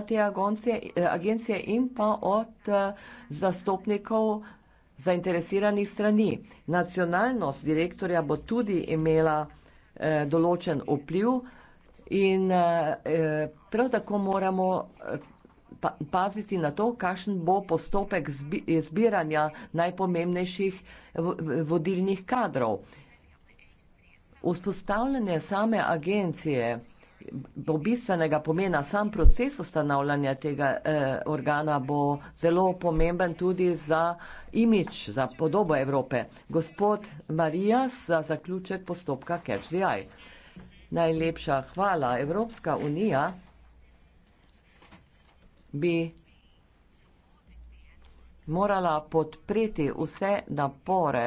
te agencije, agencije in pa od zastopnikov zainteresiranih strani. Nacionalnost direktorja bo tudi imela eh, določen vpliv in eh, prav tako moramo eh, paziti na to, kakšen bo postopek zbiranja najpomembnejših vodilnih kadrov. Vzpostavljanje same agencije bo bistvenega pomena, sam proces ustanavljanja tega eh, organa bo zelo pomemben tudi za imič, za podobo Evrope. Gospod Marijas, za zaključek postopka CatchDI. Najlepša hvala. Evropska unija bi morala podpreti vse napore,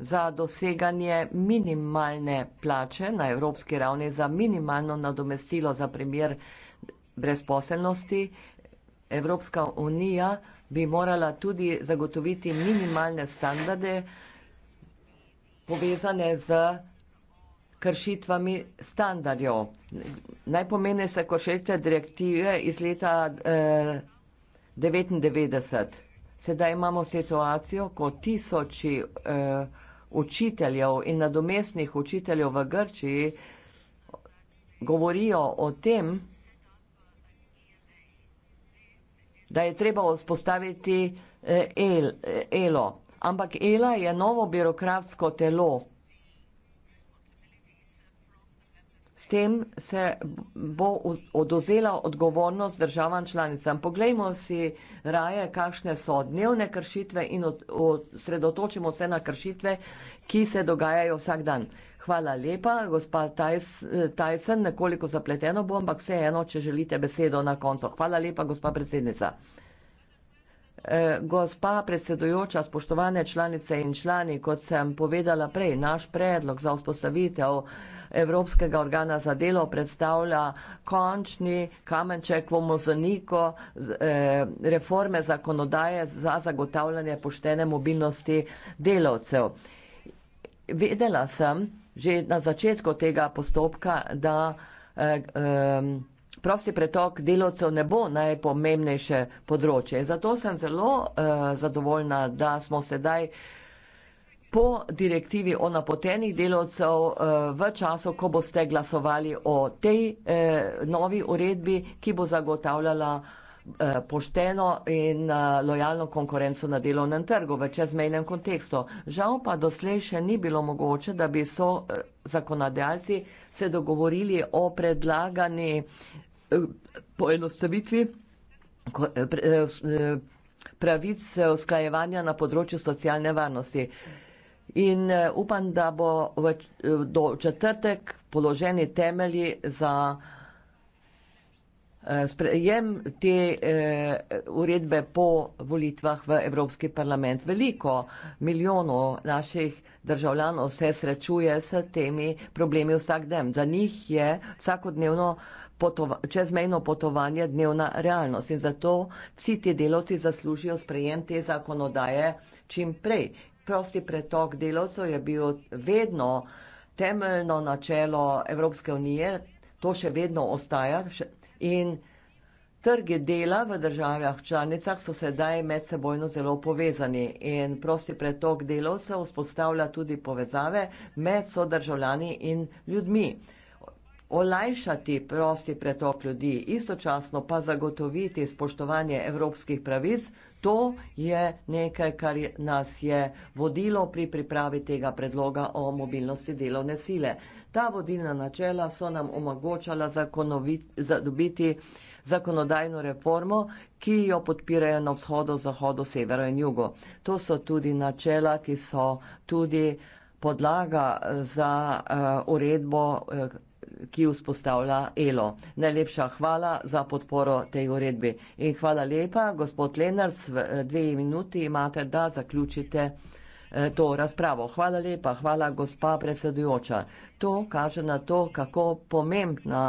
za doseganje minimalne plače na evropski ravni za minimalno nadomestilo za primer brezposelnosti. Evropska unija bi morala tudi zagotoviti minimalne standarde povezane z kršitvami standardov. Najpomembnejše kršitve direktive iz leta eh, devetindevetdeset. Eh, Sedaj imamo situacijo, ko tisoči eh, učiteljev in nadomestnih učiteljev v Grčiji govorijo o tem, da je treba vzpostaviti eh, eh, Elo. Ampak Ela je novo birokratsko telo. S tem se bo odozela odgovornost državam članicam. Poglejmo si raje, kakšne so dnevne kršitve in osredotočimo se na kršitve, ki se dogajajo vsak dan. Hvala lepa, gospa Tyson, nekoliko zapleteno bom, ampak vseeno, če želite besedo na koncu. Hvala lepa, gospa predsednica. Eh, gospa predsedujoča, spoštovane članice in člani, kot sem povedala prej, naš predlog za vzpostavitev Evropskega organa za delo predstavlja končni kamenček v mozoniku eh, reforme zakonodaje za zagotavljanje poštene mobilnosti delavcev. Vedela sem že na začetku tega postopka, da eh, prosti pretok delovcev ne bo najpomembnejše področje. Zato sem zelo uh, zadovoljna, da smo sedaj po direktivi o napotenih delovcev eh, v času, ko boste glasovali o tej eh, novi uredbi, ki bo zagotavljala pošteno in lojalno konkurenco na delovnem trgu v čezmejnem kontekstu. Žal pa doslej še ni bilo mogoče, da bi so zakonodajalci se dogovorili o predlagani poenostavitvi eh, eh, eh, pravic usklajevanja na področju socialne varnosti. In upam, da bo v, do četrtek položeni temelji za sprejem te eh, uredbe po volitvah v Evropski parlament. Veliko milijonov naših državljanov se srečuje s temi problemi vsak dan. Za njih je vsakodnevno eh, potova, čezmejno potovanje dnevna realnost in zato vsi ti delovci zaslužijo sprejem te zakonodaje čim prej. Prosti pretok delovcev je bil vedno temeljno načelo Evropske unije, to še vedno ostaja in trge dela v državah članicah so sedaj medsebojno zelo povezani in prosti pretok delovcev vzpostavlja tudi povezave med sodržavljani in ljudmi olajšati prosti pretok ljudi, istočasno pa zagotoviti spoštovanje evropskih pravic, to je nekaj, kar nas je vodilo pri pripravi tega predloga o mobilnosti delovne sile. Ta vodilna načela so nam omogočala zadobiti zakonodajno reformo, ki jo podpirajo na vzhodu, zahodu, severu in jugu. To so tudi načela, ki so tudi podlaga za uh, uredbo uh, ki vzpostavlja ELO. Najlepša hvala za podporo tej uredbi. In hvala lepa, gospod Lenars, v eh, dve minuti imate, da zaključite eh, to razpravo. Hvala lepa, hvala gospa predsedujoča. To kaže na to, kako pomembna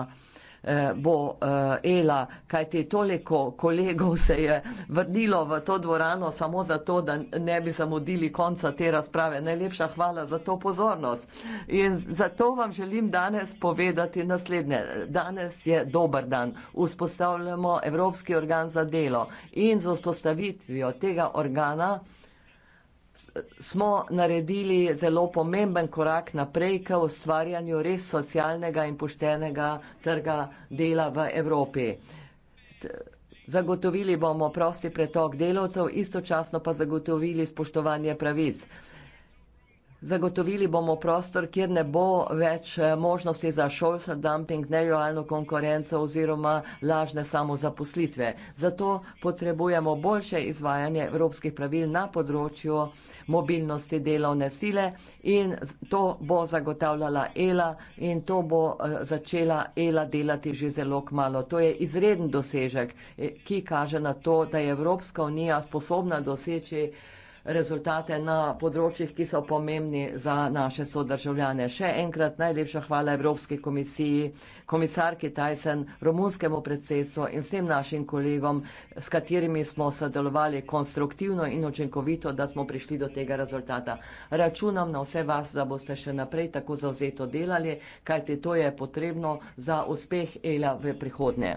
Eh, bo eh, Ela, kajti toliko kolegov se je vrnilo v to dvorano samo zato, da ne bi zamudili konca te razprave. Najlepša hvala za to pozornost. In zato vam želim danes povedati naslednje. Danes je dober dan. Vzpostavljamo Evropski organ za delo in z vzpostavitvijo tega organa smo naredili zelo pomemben korak naprej k ustvarjanju res socialnega in poštenega trga dela v Evropi. Zagotovili bomo prosti pretok delovcev, istočasno pa zagotovili spoštovanje pravic. Zagotovili bomo prostor, kjer ne bo več eh, možnosti za šolsa dumping, nelojalno konkurenco oziroma lažne samozaposlitve. Zato potrebujemo boljše izvajanje evropskih pravil na področju mobilnosti delovne sile in to bo zagotavljala ELA in to bo eh, začela ELA delati že zelo kmalo. To je izreden dosežek, eh, ki kaže na to, da je Evropska unija sposobna doseči rezultate na področjih, ki so pomembni za naše sodržavljane. Še enkrat najlepša hvala Evropski komisiji, komisarki Tyson, romunskemu predsedstvu in vsem našim kolegom, s katerimi smo sodelovali konstruktivno in očinkovito, da smo prišli do tega rezultata. Računam na vse vas, da boste še naprej tako zauzeto delali, kajti to je potrebno za uspeh ELA v prihodnje.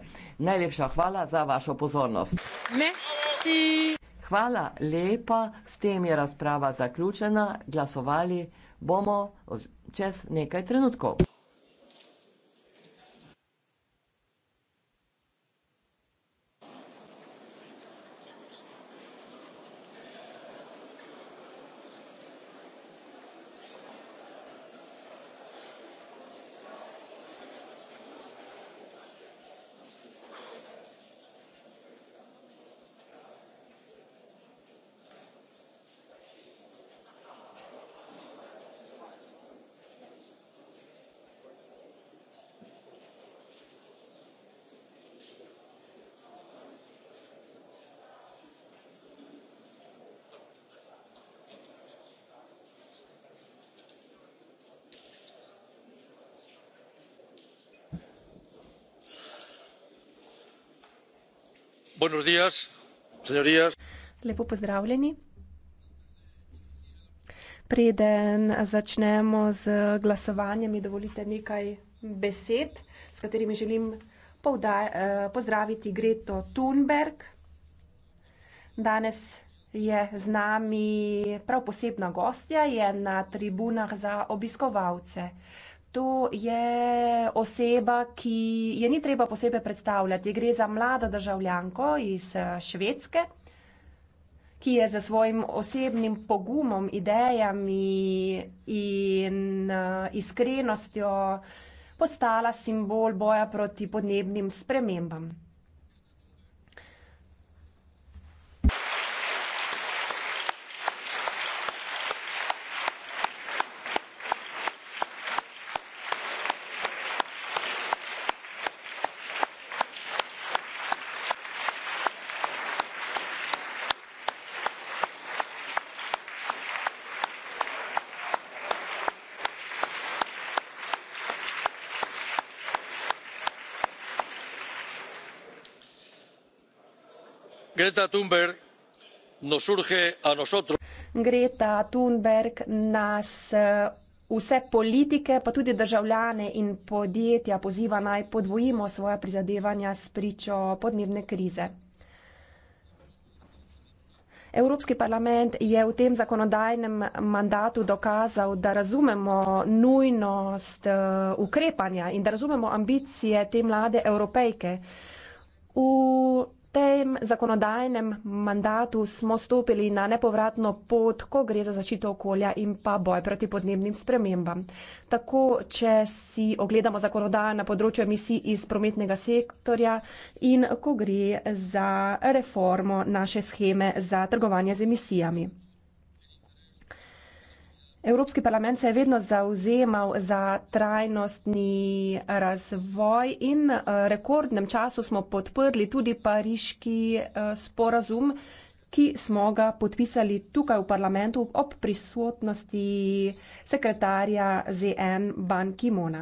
Najlepša hvala za vašo pozornost. Merci. Hvala lepa, s tem je razprava zaključena. Glasovali bomo čez nekaj trenutkov. Lepo pozdravljeni. Preden začnemo z glasovanjem, mi dovolite nekaj besed, s katerimi želim eh, pozdraviti Greto Thunberg. Danes je z nami prav posebna gostja, je na tribunah za obiskovalce. To je oseba, ki je ni treba posebej predstavljati. Gre za mlado državljanko iz eh, Švedske, ki je za svojim osebnim pogumom, idejami in eh, iskrenostjo postala simbol boja proti podnebnim spremembam. greta thunberg nos urge a nosotros greta thunberg nas eh, vse politike, pa tudi državljane in podjetja poziva naj podvojimo svoja prizadevanja s pričo podnebne krize. Evropski parlament je v tem zakonodajnem mandatu dokazal, da razumemo nujnost eh, ukrepanja in da razumemo ambicije te mlade evropejke. V tem zakonodajnem mandatu smo stopili na nepovratno pot, ko gre za zaščito okolja in pa boj proti podnebnim spremembam. Tako, če si ogledamo zakonodajo na področju emisij iz prometnega sektorja in ko gre za reformo naše scheme za trgovanje z emisijami. Evropski parlament se je vedno zauzemal za trajnostni razvoj in eh, rekordnem času smo podprli tudi pariški eh, sporazum, ki smo ga podpisali tukaj v parlamentu ob prisotnosti sekretarja ZN Ban Kimona.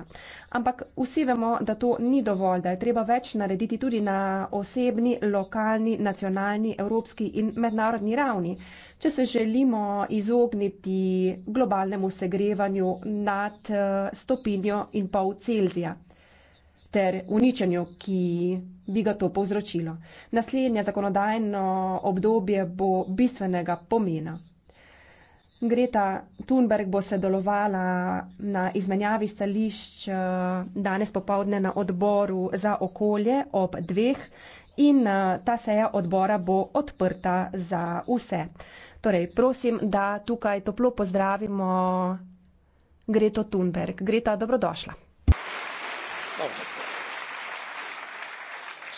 Ampak vsi vemo, da to ni dovolj, da je treba več narediti tudi na osebni, lokalni, nacionalni, evropski in mednarodni ravni, če se želimo izogniti globalnemu segrevanju nad eh, stopinjo in pol Celzija ter uničenju, ki bi ga to povzročilo. Naslednje zakonodajno obdobje bo bistvenega pomena. Greta Thunberg bo sedelovala na izmenjavi stališč eh, danes popovdne na odboru za okolje ob dveh in eh, ta seja odbora bo odprta za vse. Torej, prosim, da tukaj toplo pozdravimo Greto Thunberg. Greta, dobrodošla. Dobro.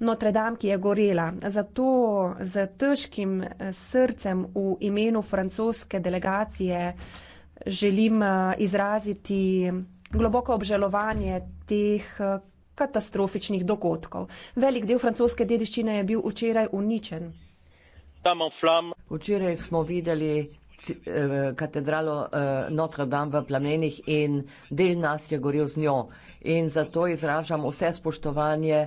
Notre Dame, ki je gorela. Zato z težkim eh, srcem v imenu francoske delegacije želim eh, izraziti globoko obžalovanje teh eh, katastrofičnih dogodkov. Velik del francoske dediščine je bil včeraj uničen. Včeraj smo videli katedralo Notre Dame v plamenih in del nas je goril z njo. In zato izražam vse spoštovanje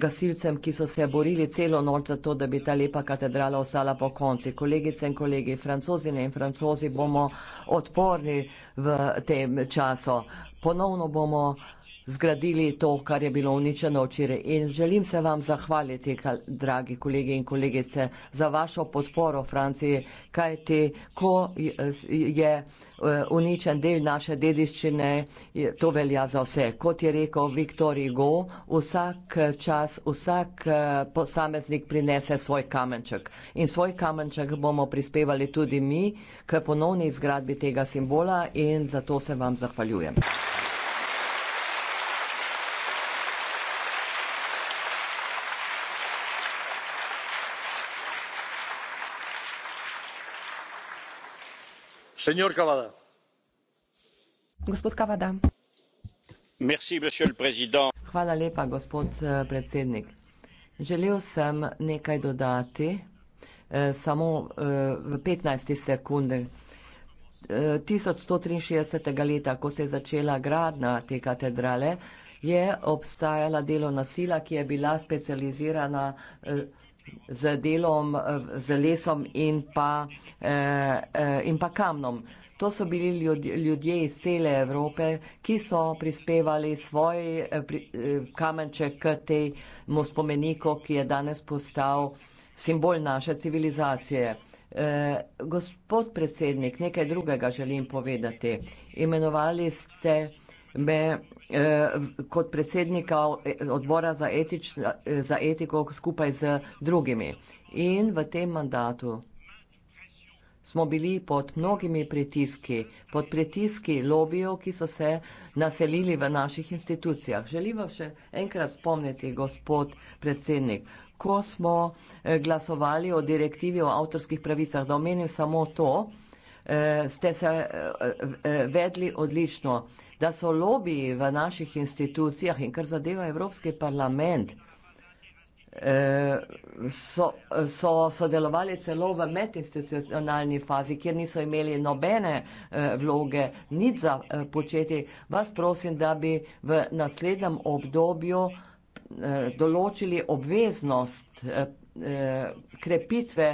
gasilcem, ki so se borili celo noč za to, da bi ta lepa katedrala ostala po konci. Kolegice in kolegi, francozine in francozi bomo odporni v tem času. Ponovno bomo zgradili to, kar je bilo uničeno včeraj. In želim se vam zahvaliti, dragi kolegi in kolegice, za vašo podporo Franciji, kajti ko je eh, uničen del naše dediščine, to velja za vse. Kot je rekel Viktor Igo, vsak eh, čas, vsak eh, posameznik prinese svoj kamenček. In svoj kamenček bomo prispevali tudi mi k ponovni izgradbi tega simbola in zato se vam zahvaljujem. Thank you. hvala lepa gospod eh, predsednik želel sem nekaj dodati eh, samo eh, v petnajstih sekundah tisoč sto triinšestdesetega leta ko se je začela gradnja te katedrale je obstajala delovna sila ki je bila specializirana z delom, z lesom in pa, eh, eh, in pa kamnom. To so bili ljudje iz cele Evrope, ki so prispevali svoj eh, kamenček k temu spomeniku, ki je danes postal simbol naše civilizacije. Gospod predsednik, nekaj drugega želim povedati. Imenovali ste me eh, kot predsednika odbora za, etično, za etiko skupaj z drugimi. In v tem mandatu smo bili pod mnogimi pritiski, pod pritiski lobijev, ki so se naselili v naših institucijah. Želim vam še enkrat spomniti, gospod predsednik, ko smo eh, glasovali o direktivi o avtorskih pravicah, da omenim samo to, Eh, ste se eh, eh, vedli odlično, da so lobiji v naših institucijah in kar zadeva Evropski parlament, so, so sodelovali celo v medinstitucionalni fazi, kjer niso imeli nobene vloge, nič za početi. Vas prosim, da bi v naslednjem obdobju določili obveznost krepitve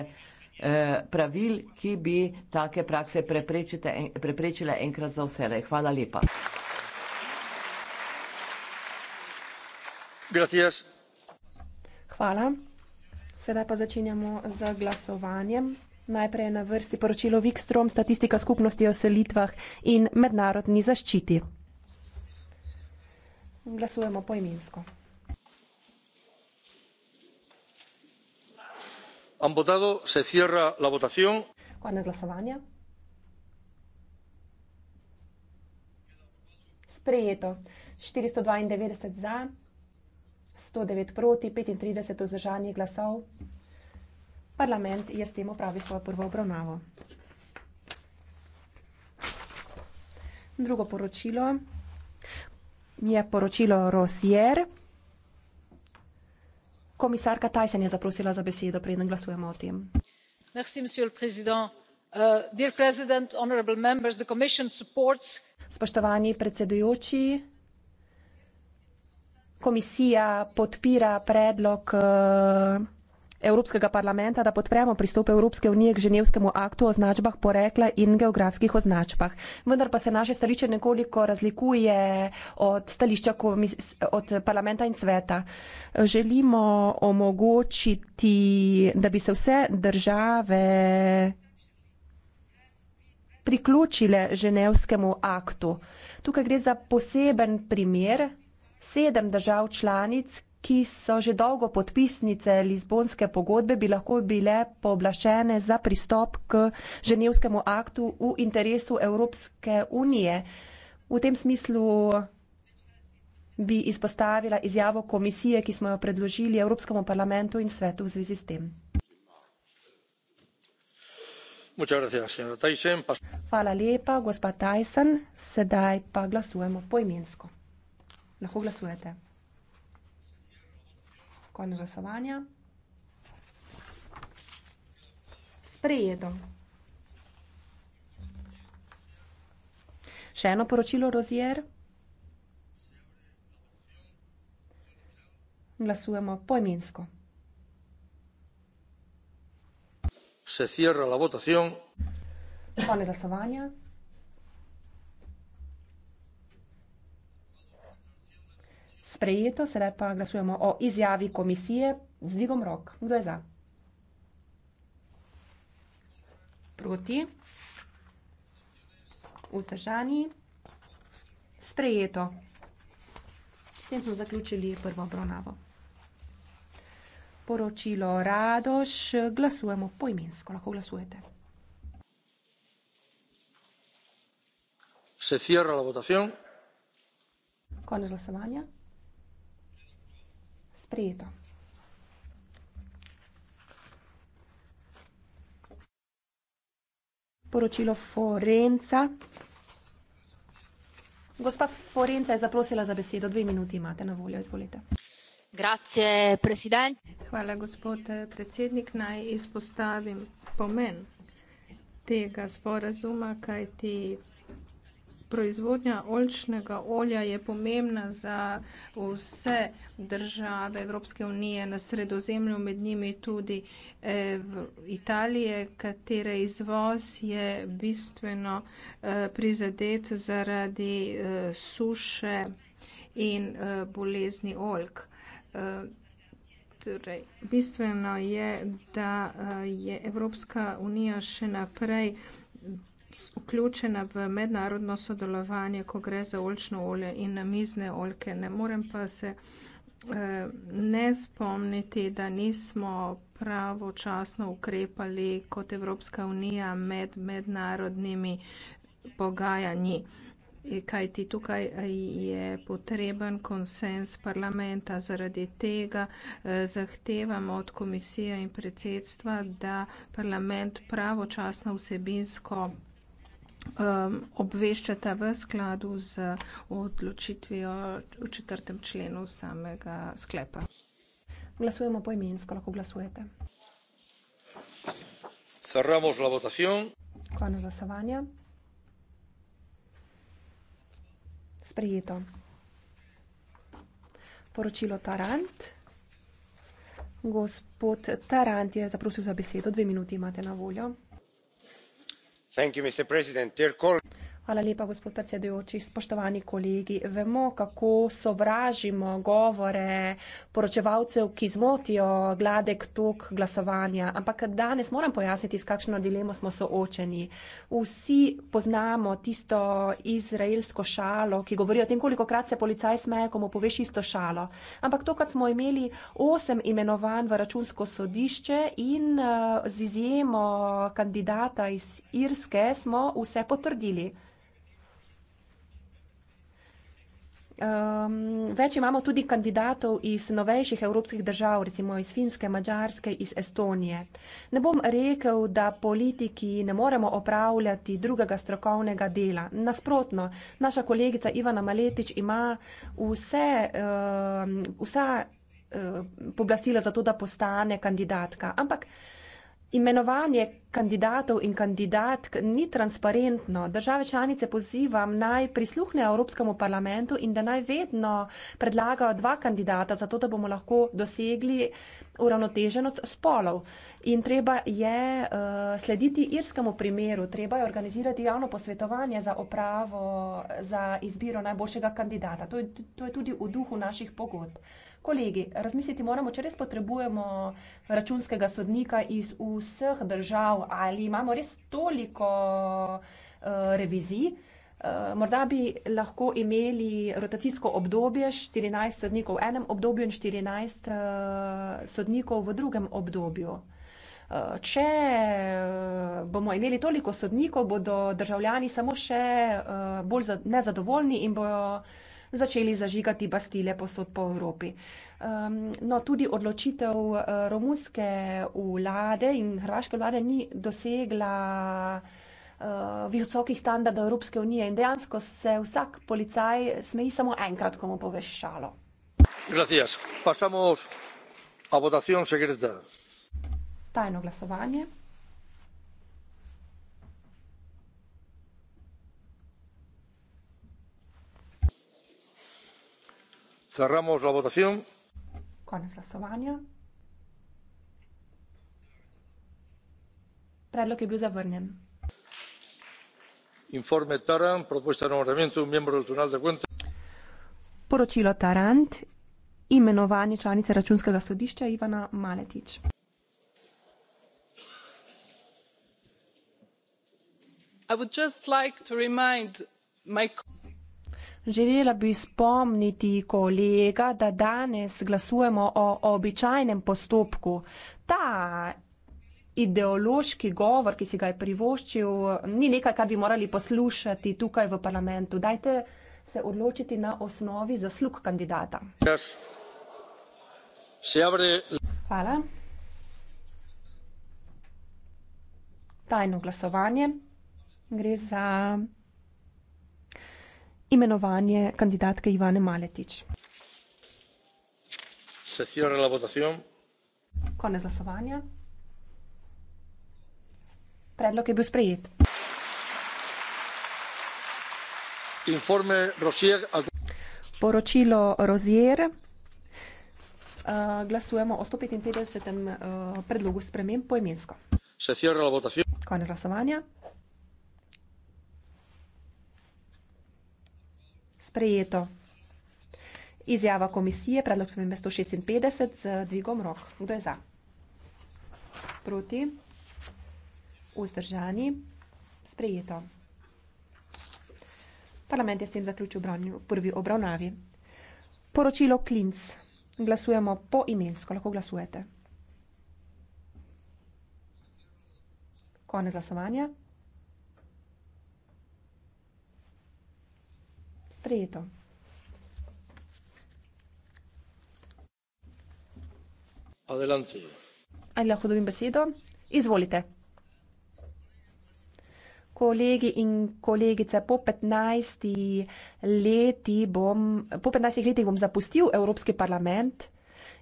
Eh, pravil, ki bi take prakse preprečile enkrat za vse. Hvala lepa. Gracias. Hvala. Sedaj pa začenjamo z glasovanjem. Najprej je na vrsti poročilo Vikstrom, statistika skupnosti o selitvah in mednarodni zaščiti. Glasujemo poimensko. han votado se cierra la votación. quando es la savagna. Sprejeto. 492 za, 109 proti, 35 vzdržanih glasov. Parlament je s tem opravil svojo prvo obravnavo. Drugo poročilo je poročilo Rosier komisarka thyssen je zaprosila za besedo preden glasujemo o tem. Uh, spoštovani predsedujoči komisija podpira predlog uh, Evropskega parlamenta, da podpremo pristop Evropske unije k ženevskemu aktu o označbah porekla in geografskih označbah. Vendar pa se naše stališče nekoliko razlikuje od stališča komis, od parlamenta in sveta. Želimo omogočiti, da bi se vse države priključile ženevskemu aktu. Tukaj gre za poseben primer sedem držav članic, ki so že dolgo podpisnice Lizbonske pogodbe, bi lahko bile pooblašene za pristop k ženevskemu aktu v interesu Evropske unije. V tem smislu bi izpostavila izjavo komisije, ki smo jo predložili Evropskemu parlamentu in svetu v zvezi s tem. Hvala lepa, gospa Tyson. Sedaj pa glasujemo poimensko. Lahko glasujete. Konec glasovanja. Sprejeto. Še eno poročilo, Rozier. Glasujemo poimensko. Se cierra la votación. Pone glasovanje. sprejeto, sedaj pa glasujemo o izjavi komisije z dvigom rok. Kdo je za? Proti? Vzdržani? Sprejeto. S tem smo zaključili prvo obravnavo. Poročilo Radoš, glasujemo poimensko, lahko glasujete. Se cierra la votación. Konec glasovanja sprejeto. Poročilo Forenca. Gospa Forenca je zaprosila za besedo, dve minuti imate na voljo, izvolite. Grazie, predsednik. Hvala, gospod eh, predsednik. Naj izpostavim pomen tega sporazuma, kajti proizvodnja oljčnega olja je pomembna za vse države Evropske unije na sredozemlju, med njimi tudi eh, Italije, katere izvoz je bistveno eh, prizadet zaradi eh, suše in eh, bolezni oljk. Eh, Torej, bistveno je, da eh, je Evropska unija še naprej vključena v mednarodno sodelovanje, ko gre za olčno olje in namizne oljke. Ne morem pa se eh, ne spomniti, da nismo pravočasno ukrepali kot Evropska unija med mednarodnimi pogajanji. Eh, Kaj ti tukaj eh, je potreben konsens parlamenta. Zaradi tega zahtevamo od komisije in predsedstva, da parlament pravočasno vsebinsko um, obveščata v skladu z odločitvijo v četrtem členu samega sklepa. Glasujemo poimensko, lahko glasujete. Cerramos la votación. Konec glasovanja. Sprejeto. Poročilo Tarant. Gospod Tarant je zaprosil za besedo, dve minuti imate na voljo mr president dear colleagues Hvala lepa, gospod predsedujoči. Spoštovani kolegi, vemo, kako sovražimo govore poročevalcev, ki zmotijo gladek tok glasovanja, ampak danes moram pojasniti, s kakšno dilemo smo soočeni. Vsi poznamo tisto izraelsko šalo, ki govori o tem, koliko krat se policaj smeje, ko mu poveš isto šalo. Ampak to, kad smo imeli osem imenovanj v računsko sodišče in eh, z izjemo kandidata iz Irske, smo vse potrdili. Um, več imamo tudi kandidatov iz novejših evropskih držav, recimo iz Finske, Mačarske, iz Estonije. Ne bom rekel, da politiki ne moremo opravljati drugega strokovnega dela. Nasprotno, naša kolegica Ivana Maletič ima vse, um, vsa um, eh, poblastila za to, da postane kandidatka. Ampak Imenovanje kandidatov in kandidatk ni transparentno. Države članice pozivam naj prisluhnejo Evropskemu parlamentu in da naj vedno predlagajo dva kandidata, zato da bomo lahko dosegli uravnoteženost spolov. In treba je uh, slediti irskemu primeru, treba je organizirati javno posvetovanje za opravo, za izbiro najboljšega kandidata. To je, to je tudi v duhu naših pogodb kolegi, razmisliti moramo, če res potrebujemo računskega sodnika iz vseh držav ali imamo res toliko uh, revizij. Eh, morda bi lahko imeli rotacijsko obdobje 14 sodnikov v enem obdobju in 14 eh, sodnikov v drugem obdobju. Če bomo imeli toliko sodnikov, bodo državljani samo še bolj nezadovoljni in bojo začeli zažigati bastile posod po Evropi. Um, no, tudi odločitev eh, romunske vlade in hrvaške vlade ni dosegla uh, visokih standardov Evropske unije in dejansko se vsak policaj smeji samo enkrat, ko mu poveš šalo. Pasamo na votacijo sekreta. Tajno glasovanje. Cerramos la votación. Con el glasovanje. Predlog je bil zavrnjen. Informe Tarant, propuesta de nombramiento un miembro del Tribunal de Cuentas. Poročilo Tarant, imenovanje članice računskega sodišča Ivana Maletić. I would just like to remind my colleagues. Želela bi spomniti kolega, da danes glasujemo o običajnem postopku. Ta ideološki govor, ki si ga je privoščil, ni nekaj, kar bi morali poslušati tukaj v parlamentu. Dajte se odločiti na osnovi zaslug kandidata. Hvala. Tajno glasovanje. Gre za imenovanje kandidatke Ivane Maletič. Se cierra la votación. Konec glasovanja. Predlog je bil sprejet. Informe Rosier. Poročilo Rosier. Eh, glasujemo o stopetinpetdesetem, eh, predlogu sprememb poimensko. Se cierra la votación. Konec glasovanja. sprejeto. Izjava komisije, predlog spremembe 156 z dvigom rok. Kdo je za? Proti? Vzdržani? Sprejeto. Parlament je s tem zaključil branju, prvi obravnavi. Poročilo Klinc. Glasujemo po imensko. Lahko glasujete. Konec glasovanja. sprejeto. Adelante. Ali lahko dobim besedo? Izvolite. Kolegi in kolegice, po 15, leti bom, po 15 letih bom zapustil Evropski parlament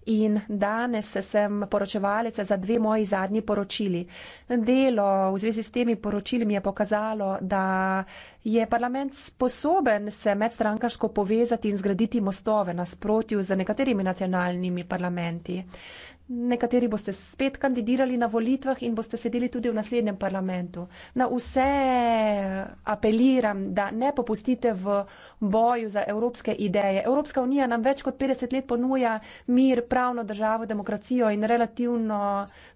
in danes sem poročevalec za dve moji zadnji poročili. Delo v zvezi s temi poročili mi je pokazalo, da je parlament sposoben se medstrankaško povezati in zgraditi mostove nasprotju z nekaterimi nacionalnimi parlamenti. Nekateri boste spet kandidirali na volitvah in boste sedeli tudi v naslednjem parlamentu. Na vse apeliram, da ne popustite v boju za evropske ideje. Evropska unija nam več kot 50 let ponuja mir, pravno državo, demokracijo in relativno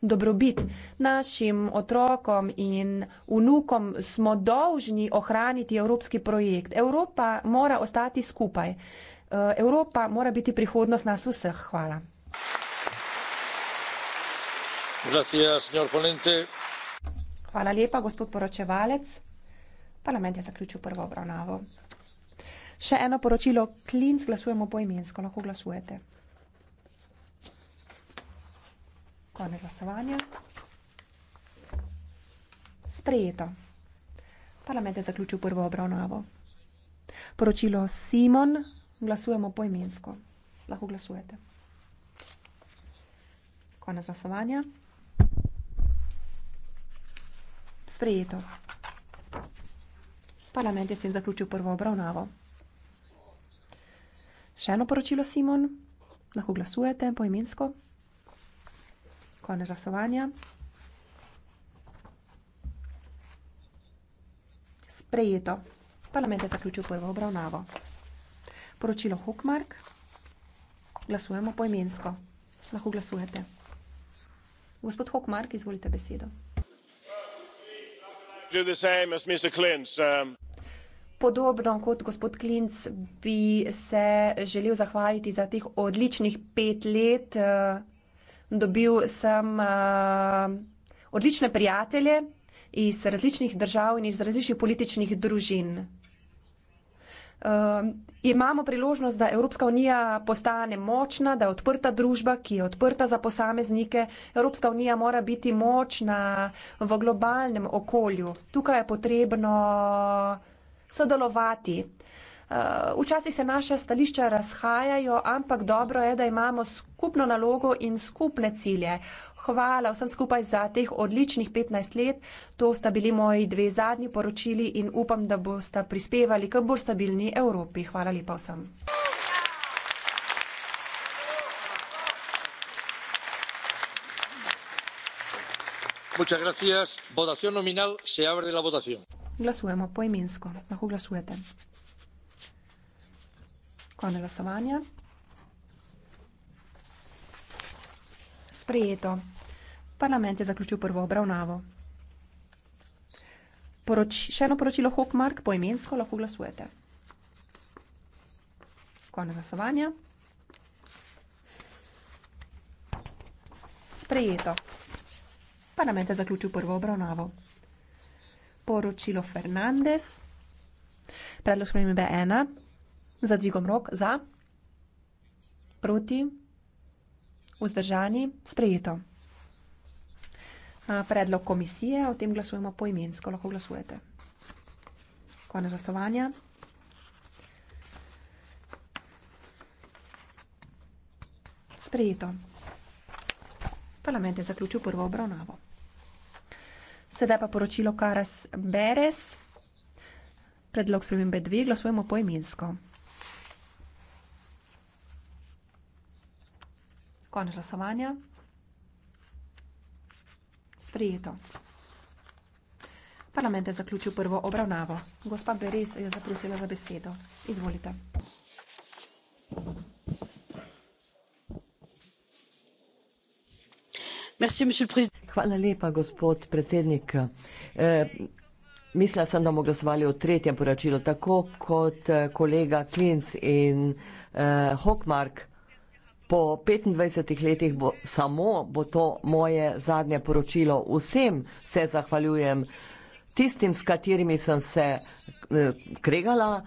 dobrobit. Našim otrokom in vnukom smo dolžni ohraniti evropski projekt. Evropa mora ostati skupaj. Evropa mora biti prihodnost nas vseh. Hvala. Hvala lepa, gospod poročevalec. Parlament je zaključil prvo obravnavo. Še eno poročilo, Klinc, glasujemo poimensko, lahko glasujete. Konec glasovanja. Sprejeto. Parlament je zaključil prvo obravnavo. Poročilo Simon, glasujemo poimensko, lahko glasujete. Konec glasovanja. sprejeto. Parlament je s tem zaključil prvo obravnavo. Še eno poročilo, Simon. Lahko glasujete poimensko. Konec glasovanja. Sprejeto. Parlament je zaključil prvo obravnavo. Poročilo Hokmark. Glasujemo poimensko. Lahko glasujete. Gospod Hokmark, izvolite besedo. Um, Podobno kot gospod Klinc bi se želel zahvaliti za teh odličnih pet let. Uh, dobil sem uh, odlične prijatelje iz različnih držav in iz različnih političnih družin. Ehm, imamo priložnost, da Evropska unija postane močna, da je odprta družba, ki je odprta za posameznike. Evropska unija mora biti močna v globalnem okolju. Tukaj je potrebno sodelovati. Ehm, včasih se naše stališča razhajajo, ampak dobro je, da imamo skupno nalogo in skupne cilje hvala vsem skupaj za teh odličnih 15 let. To sta bili moji dve zadnji poročili in upam, da boste prispevali k bolj stabilni Evropi. Hvala lepa vsem. Glasujemo poimensko. Lahko glasujete. Konec glasovanja. Sprejeto. Parlament je zaključil prvo obravnavo. Poroč, še eno poročilo Hokmark, poimensko lahko glasujete. Konec glasovanja. Sprejeto. Parlament je zaključil prvo obravnavo. Poročilo Fernandez. Predlog spremembe ena. Za dvigom rok. Za. Proti. Vzdržani. Sprejeto. Eh, predlog komisije, o tem glasujemo poimensko, lahko glasujete. Konec glasovanja. Sprejeto. Parlament je zaključil prvo obravnavo. Sedaj pa poročilo Karas Beres. Predlog spremembe dve, glasujemo poimensko. Konec glasovanja sprejeto. Parlament je zaključil prvo obravnavo. Gospa Beres je zaprosila za besedo. Izvolite. Hvala lepa, gospod predsednik. Eh, mislila sem, da bomo glasovali o tretjem poročilu, tako kot eh, kolega Klinc in eh, Hockmark. Po 25 letih bo samo bo to moje zadnje poročilo. Vsem se zahvaljujem, tistim, s katerimi sem se eh, kregala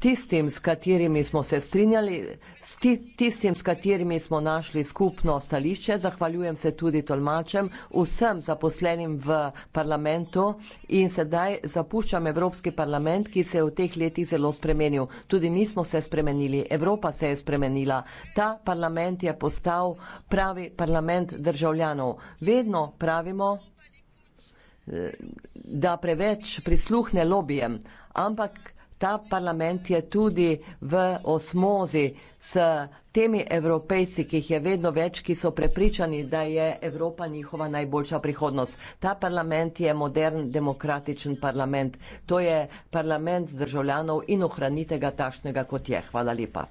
tistim, s katerimi smo se strinjali, s tistim, s katerimi smo našli skupno stališče. Zahvaljujem se tudi tolmačem, vsem zaposlenim v parlamentu in sedaj zapuščam Evropski parlament, ki se je v teh letih zelo spremenil. Tudi mi smo se spremenili, Evropa se je spremenila. Ta parlament je postal pravi parlament državljanov. Vedno pravimo, eh, da preveč prisluhne lobijem, ampak ta parlament je tudi v osmozi s temi evropejci, ki jih je vedno več, ki so prepričani, da je Evropa njihova najboljša prihodnost. Ta parlament je modern demokratičen parlament. To je parlament državljanov in ohranite ga takšnega, kot je. Hvala lepa.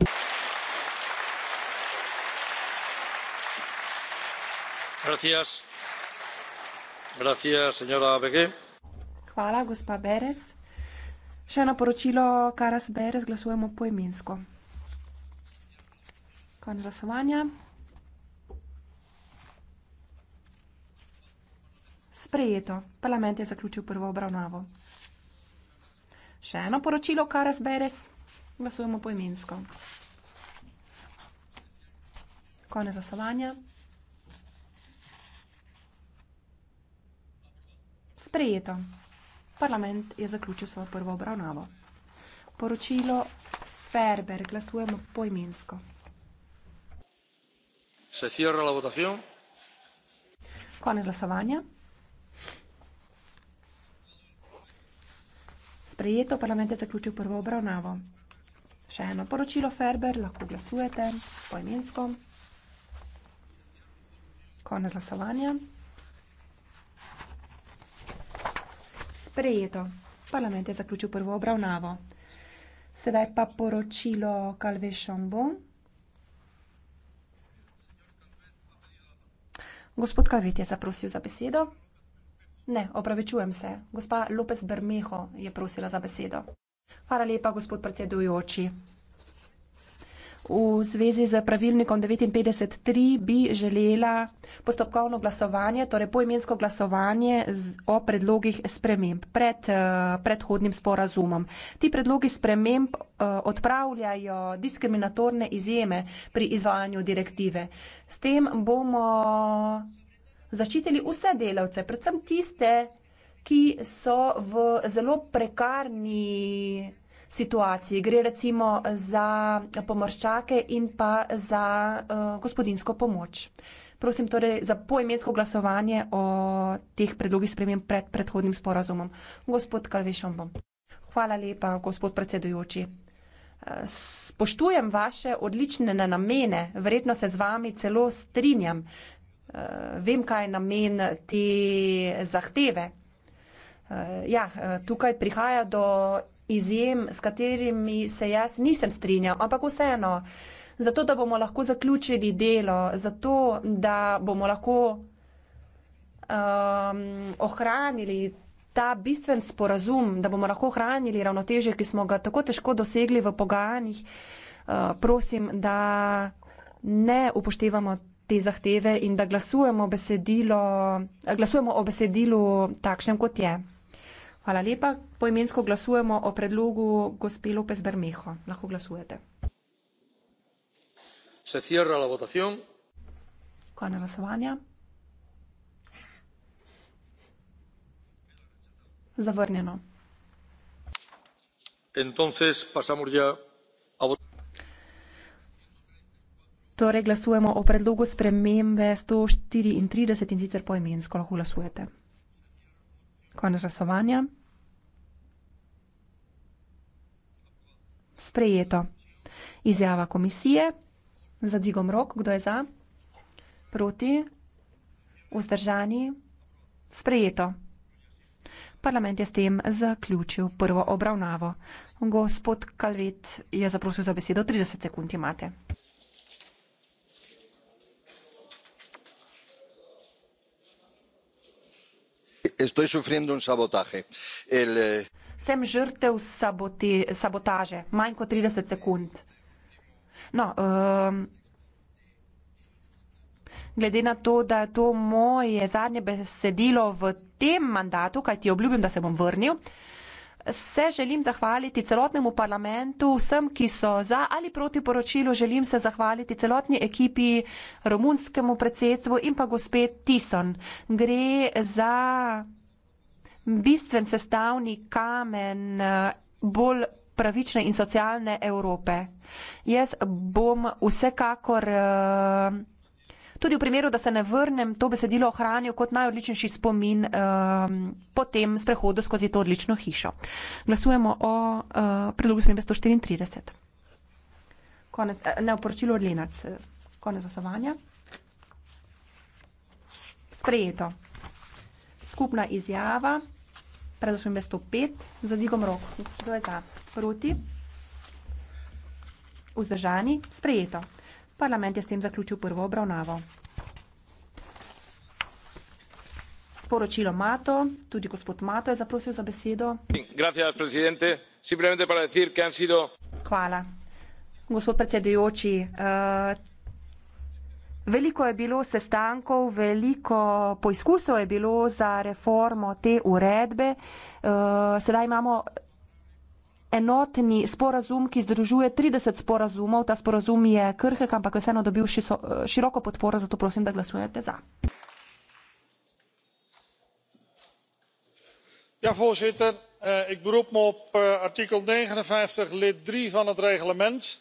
Gracias. Gracias, señora Begué. Hvala, gospa Beres. Še eno poročilo, kar nas bere, razglasujemo poemensko. Konec glasovanja. Sprejeto. Parlament je zaključil prvo obravnavo. Še eno poročilo, kar razberes, glasujemo poimensko. Konec glasovanja. Sprejeto. Parlament je zaključil svojo prvo obravnavo. Poročilo Ferber glasujemo poimensko. Se cierra la votación. Konec glasovanja. Sprejeto, parlament je zaključil prvo obravnavo. Še eno poročilo Ferber, lahko glasujete poimensko. Konec glasovanja. sprejeto. Parlament je zaključil prvo obravnavo. Sedaj pa poročilo Calve Šambo. Gospod Kavet je zaprosil za besedo. Ne, opravičujem se. Gospa Lopez Bermeho je prosila za besedo. Hvala lepa, gospod predsedujoči. V zvezi z pravilnikom 59.3 bi želela postopkovno glasovanje, torej poimensko glasovanje o predlogih sprememb pred eh, predhodnim sporazumom. Ti predlogi sprememb eh, odpravljajo diskriminatorne izjeme pri izvajanju direktive. S tem bomo zaščitili vse delavce, predvsem tiste, ki so v zelo prekarni situaciji. Gre recimo za pomorščake in pa za uh, eh, gospodinsko pomoč. Prosim torej za poimensko glasovanje o teh predlogih spremem pred predhodnim sporazumom. Gospod Kalvešombo. Hvala lepa, gospod predsedujoči. Eh, spoštujem vaše odlične namene, verjetno se z vami celo strinjam. Eh, vem, kaj je namen te zahteve. Ja, tukaj prihaja do izjem, s katerimi se jaz nisem strinjal, ampak vseeno, zato da bomo lahko zaključili delo, zato da bomo lahko um, ohranili ta bistven sporazum, da bomo lahko ohranili ravnoteže, ki smo ga tako težko dosegli v pogajanjih, uh, prosim, da ne upoštevamo te zahteve in da glasujemo, glasujemo o besedilu takšnem, kot je. Hvala lepa. Poimensko glasujemo o predlogu gospe Lopez Bermejo. Lahko glasujete. Se cierra la votación. Konec glasovanja. Zavrnjeno. Entonces pasamos ya a Torej glasujemo o predlogu spremembe 134 in sicer poimensko lahko glasujete. Konec glasovanja. sprejeto. Izjava komisije za dvigom rok, kdo je za, proti, vzdržani, sprejeto. Parlament je s tem zaključil prvo obravnavo. Gospod Kalvet je zaprosil za besedo, 30 sekund imate. Estoy sufriendo un sabotaje. El, eh sem žrtev saboti, sabotaže, manj kot 30 sekund. No, um, glede na to, da je to moje zadnje besedilo v tem mandatu, kaj ti obljubim, da se bom vrnil, se želim zahvaliti celotnemu parlamentu, vsem, ki so za ali proti poročilu, želim se zahvaliti celotni ekipi, romunskemu predsedstvu in pa gospe Tison. Gre za bistven sestavni kamen eh, bolj pravične in socialne Evrope. Jaz bom vsekakor eh, tudi v primeru, da se ne vrnem, to besedilo ohranil kot najodličnejši spomin eh, po tem sprehodu skozi to odlično hišo. Glasujemo o predlogu spremembe 134. Konec, ne, oporočilo od Lenac. Konec zasavanja. Sprejeto. Skupna izjava. Predlašujem besto pet, za dvigom rok. Kdo je za? Proti? Vzdržani? Sprejeto. Parlament je s tem zaključil prvo obravnavo. Poročilo Mato, tudi gospod Mato je zaprosil za besedo. Hvala. Gospod predsedujoči, eh, Veliko je bilo sestankov, veliko poizkusov je bilo za reformo te uredbe. Eh, sedaj imamo enotni sporazum, ki združuje 30 sporazumov. Ta sporazum je krhek, ampak je vseeno dobil eh, široko podporo, zato prosim, da glasujete za. Ja, voorzitter, eh, ik beroep me op artikel 59, lid 3 van het reglement.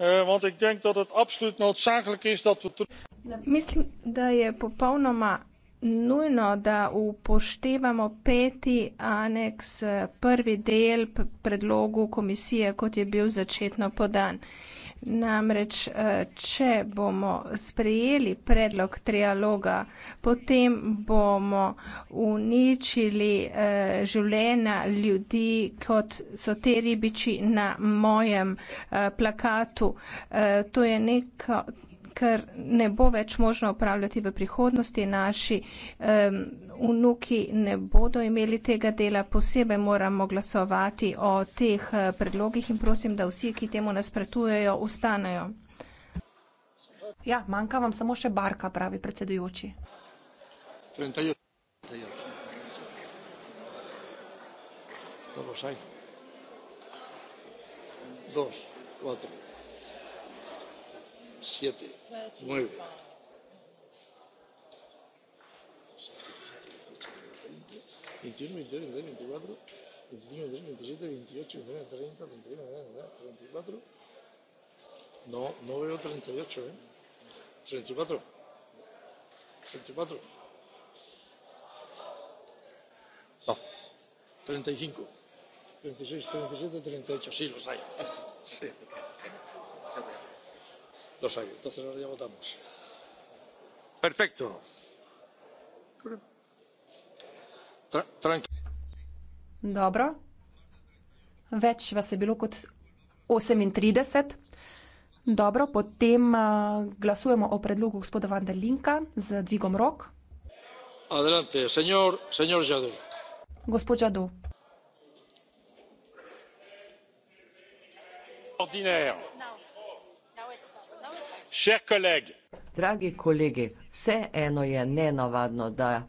Eh, want ik denk dat het absoluut noodzakelijk is dat we. Mislim, da je popolnoma nujno, da upoštevamo peti aneks, eh, prvi del predlogu komisije, kot je bil začetno podan. Namreč, eh, če bomo sprejeli predlog trialoga, potem bomo uničili eh, življenja ljudi, kot so te ribiči na mojem eh, plakatu. To je neko, kar ne bo več možno opravljati v prihodnosti, naši um, vnuki ne bodo imeli tega dela, posebej moramo glasovati o teh uh, predlogih in prosim, da vsi, ki temu nasprotujejo, ustanejo. Ja, manjka vam samo še barka, pravi predsedujoči. Dos, cuatro siete nueve veintiuno veintidós veintitrés veinticuatro veinticinco veintiséis veintisiete veintiocho veintinueve treinta treinta y uno treinta y dos treinta y cuatro no no veo treinta y ocho eh treinta y cuatro treinta y cuatro no treinta y cinco treinta y seis treinta y siete treinta y ocho sí los hay sí los hay. entonces ahora ya votamos. perfecto. dobro. več vas je bilo kot osemintrideset. dobro. potem eh, glasujemo o predlogu gospoda van der linka z dvigom rok. adelante señor señor jadu. gospod jadu. ordinaire. No. Dragi kolegi, vseeno je nenavadno, da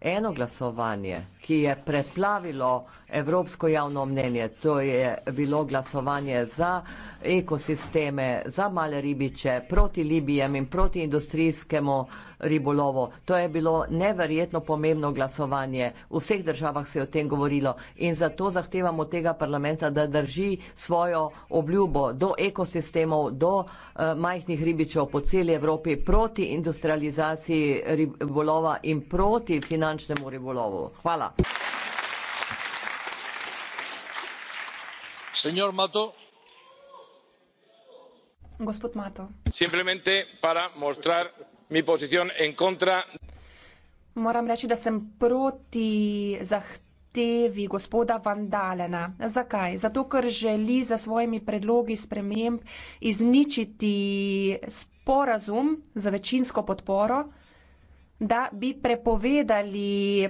eno glasovanje, ki je preplavilo evropsko javno mnenje. To je bilo glasovanje za ekosisteme, za male ribiče, proti Libijem in proti industrijskemu ribolovu. To je bilo neverjetno pomembno glasovanje. V vseh državah se je o tem govorilo in zato zahtevamo tega parlamenta, da drži svojo obljubo do ekosistemov, do uh, majhnih ribičev po celi Evropi proti industrializaciji ribolova in proti finančnemu ribolovu. Hvala. gospod mato moram reči da sem proti zahtevi gospoda van dalena zakaj zato ker želi s svojimi predlogi sprememb izničiti sporazum z večinsko podporo da bi prepovedali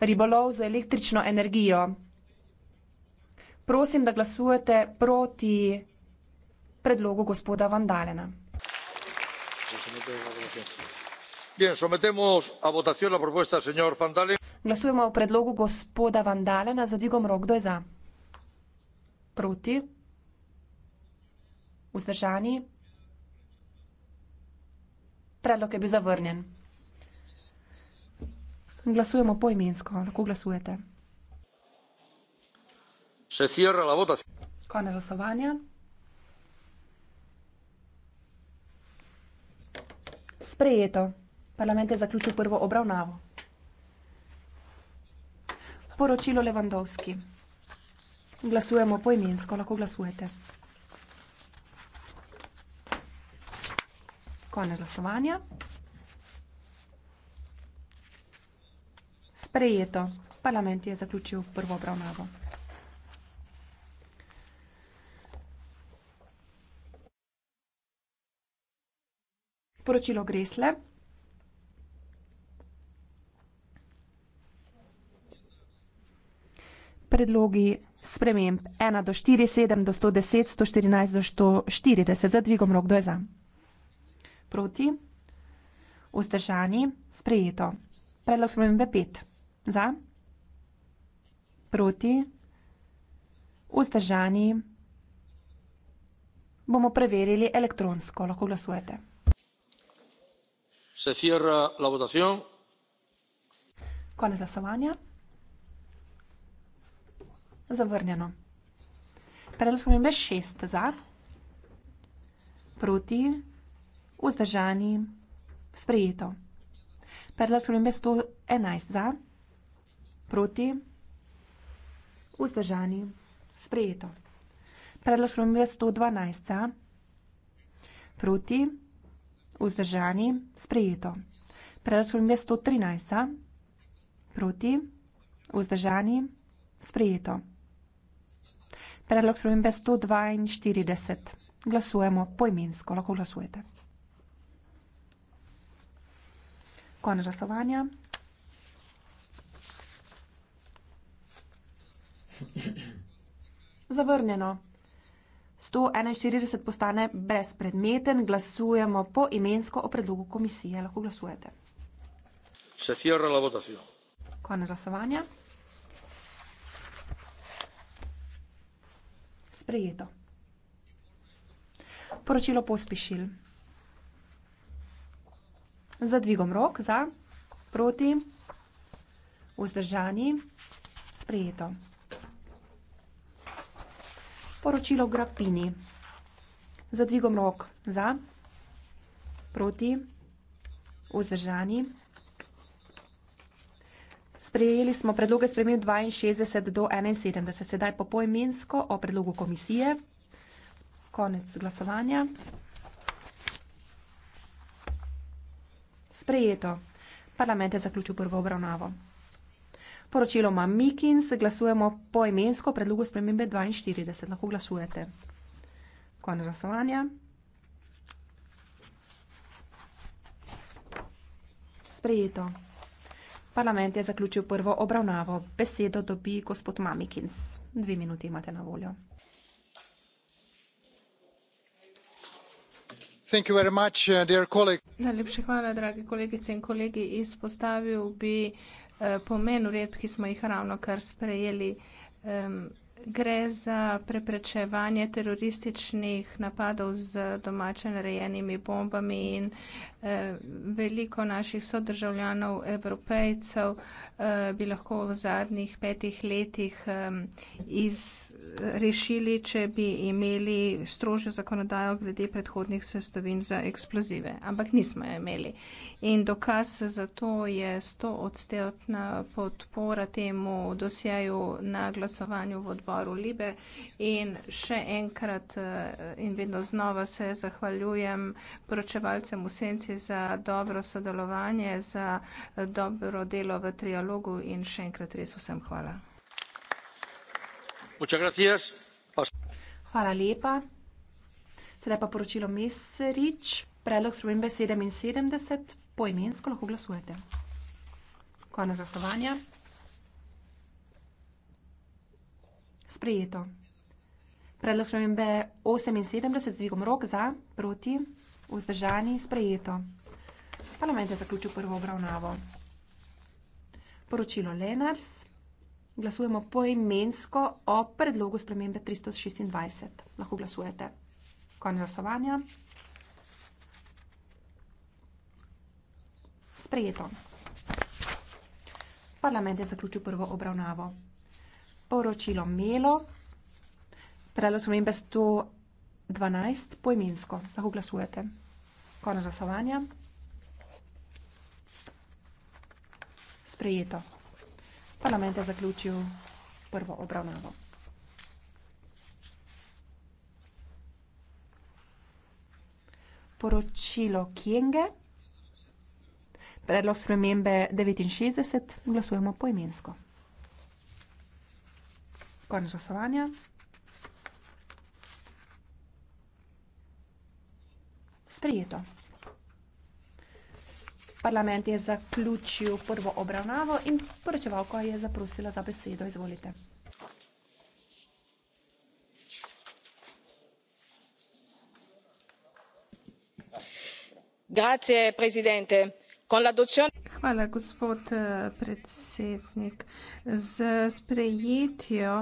ribolov z električno energijo prosim, da glasujete proti predlogu gospoda Vandalena. Glasujemo o predlogu gospoda Vandalena z dvigom rok, kdo je za? Proti? Vzdržani? Predlog je bil zavrnjen. Glasujemo poimensko, lahko glasujete. Se cierra la votación. Konec glasovanja. Sprejeto. Parlament je zaključil prvo obravnavo. Poročilo Levandovski. Glasujemo poimensko, lahko glasujete. Konec glasovanja. Sprejeto. Parlament je zaključil prvo obravnavo. Poročilo Gresle. Predlogi sprememb 1 do 4, 7 do 110, 114 do 140 za dvigom rok do je za. Proti. Vzdržani. Sprejeto. Predlog spremembe 5. Za. Proti. Vzdržani. Bomo preverili elektronsko. Lahko glasujete se cierra la votación. konec glasovanja zavrnjeno predlog spremembe šest za proti vzdržani sprejeto predlog spremembe sto enajst za proti vzdržani sprejeto predlog spremembe sto dvanajst za proti vzdržani, sprejeto. Preračunim je 113, proti, vzdržani, sprejeto. Predlog spremembe 142. Glasujemo poimensko, lahko glasujete. Konec glasovanja. Zavrnjeno. 141 postane brezpredmeten, glasujemo po imensko o predlogu komisije. Lahko glasujete. Se cierra la votación. Konec glasovanja. Sprejeto. Poročilo pospešil. Za dvigom rok, za, proti, vzdržani, sprejeto. Poročilo Grappini. Za dvigom rok za, proti, vzdržani. Sprejeli smo predloge spremenil 62 do 71, sedaj po poimensko o predlogu komisije. Konec glasovanja. Sprejeto. Parlament je zaključil prvo obravnavo. Poročilo ima Mikin, se glasujemo po imensko predlogu spremembe 42. Lahko glasujete. Konec glasovanja. Sprejeto. Parlament je zaključil prvo obravnavo. Besedo dobi gospod Mamikins. Dve minuti imate na voljo. Thank you very much, uh, dear Najlepše hvala, dragi kolegice in kolegi. Izpostavil bi uh, Eh, pomen uredb, ki smo jih ravno kar sprejeli. Gre za preprečevanje terorističnih napadov z domače narejenimi bombami in veliko naših sodržavljanov, evropejcev, eh, bi lahko v zadnjih petih letih iz, rešili, če bi imeli strožjo zakonodajo glede predhodnih sestavin za eksplozive. Ampak nismo jo imeli. In dokaz za to je stoodstotna podpora temu dosjeju na glasovanju v odboru Libe. In še enkrat eh, in vedno znova se zahvaljujem poročevalcem v senci za dobro sodelovanje, za eh, dobro delo v trialogu in še enkrat res vsem hvala. Hvala lepa. Sedaj pa poročilo Meserič, predlog spremembe sedeminsedemdeset, poimensko lahko glasujete. Konec glasovanja. Sprejeto. Predlog spremembe oseminsedemdeset z dvigom rok za, proti? vzdržani sprejeto. Parlament je zaključil prvo obravnavo. Poročilo Lenars. Glasujemo poimensko o predlogu spremembe 326. Lahko glasujete. Konec glasovanja. Sprejeto. Parlament je zaključil prvo obravnavo. Poročilo Melo. Predlog spremembe 100. 12 poimensko. Lahko glasujete. Konec glasovanja. Sprejeto. Parlament je zaključil prvo obravnavo. Poročilo Kienge. Predlog spremembe 69. Glasujemo poimensko. Konec glasovanja. sprejeto. Parlament je zaključil prvo obravnavo in poročevalka je zaprosila za besedo. Izvolite. Hvala, gospod, eh, predsednik. S sprejetjo,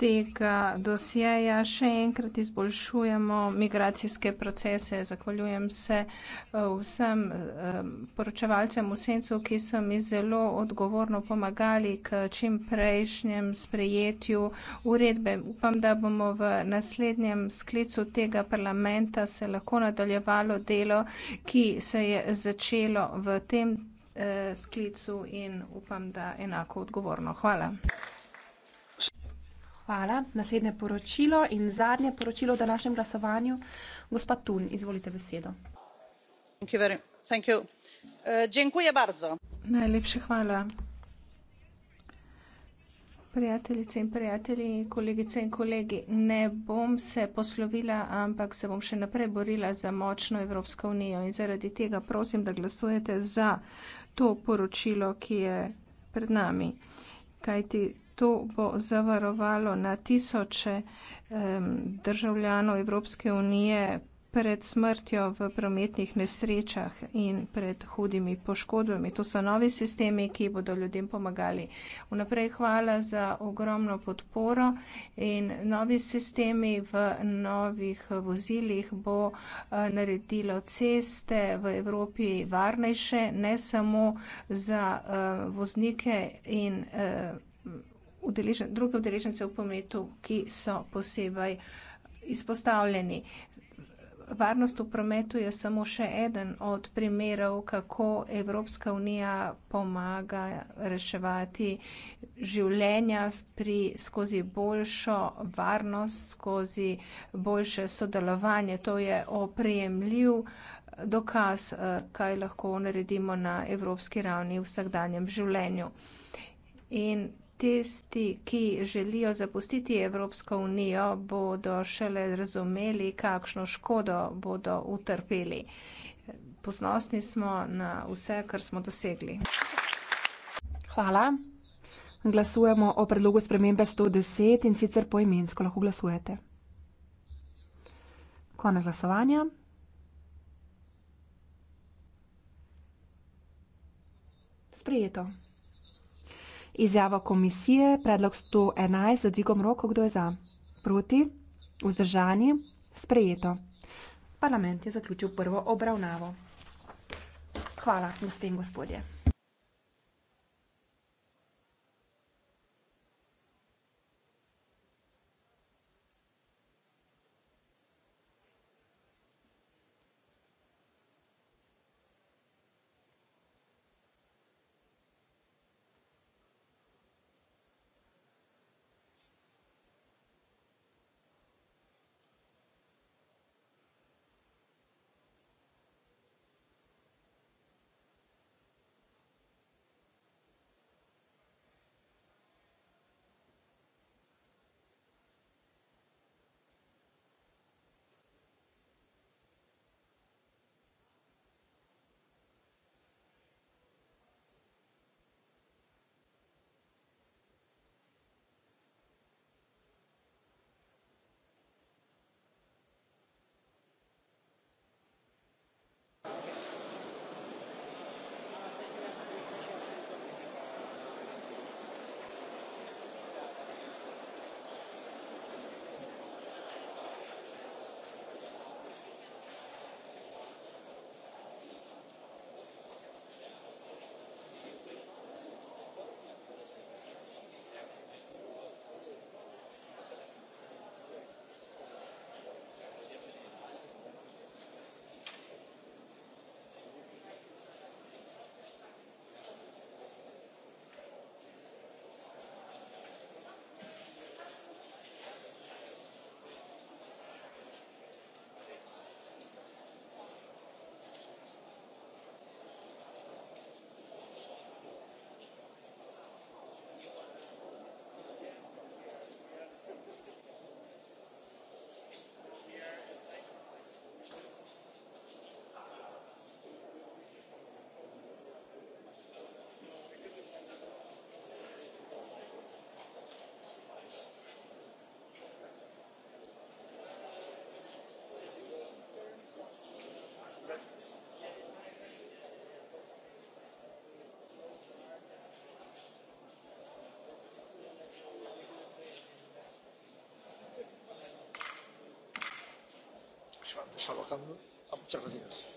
tega dosjeja še enkrat izboljšujemo migracijske procese. Zahvaljujem se eh, vsem eh, poročevalcem v sencu, ki so mi zelo odgovorno pomagali k čim prejšnjem sprejetju uredbe. Upam, da bomo v naslednjem sklicu tega parlamenta se lahko nadaljevalo delo, ki se je začelo v tem eh, sklicu in upam, da enako odgovorno. Hvala. Hvala. Naslednje poročilo in zadnje poročilo v današnjem glasovanju. Gospa Tun, izvolite besedo. Thank you very, thank you. Uh, dziękuję bardzo. Najlepše hvala. Prijateljice in prijatelji, kolegice in kolegi, ne bom se poslovila, ampak se bom še naprej borila za močno Evropsko unijo in zaradi tega prosim, da glasujete za to poročilo, ki je pred nami. Kajti to bo zavarovalo na tisoče državljanov Evropske unije pred smrtjo v prometnih nesrečah in pred hudimi poškodbami. To so novi sistemi, ki bodo ljudem pomagali. Vnaprej hvala za ogromno podporo in novi sistemi v novih vozilih bo eh, naredilo ceste v Evropi varnejše, ne samo za eh, voznike in eh, udeležen, druge udeležence v prometu, ki so posebej izpostavljeni. Varnost v prometu je samo še eden od primerov, kako Evropska unija pomaga reševati življenja pri, skozi boljšo varnost, skozi boljše sodelovanje. To je oprejemljiv dokaz, eh, kaj lahko naredimo na evropski ravni v vsakdanjem življenju. In Tisti, ki želijo zapustiti Evropsko unijo, bodo šele razumeli, kakšno škodo bodo utrpeli. Poznosni smo na vse, kar smo dosegli. Hvala. Glasujemo o predlogu spremembe 110 in sicer poimensko lahko glasujete. Konec glasovanja. Sprijeto. Izjava komisije, predlog 111 za dvigom roko, kdo je za? Proti? Vzdržanje? Sprejeto. Parlament je zaključil prvo obravnavo. Hvala, gospe in gospodje. trabajando. Ah, muchas gracias.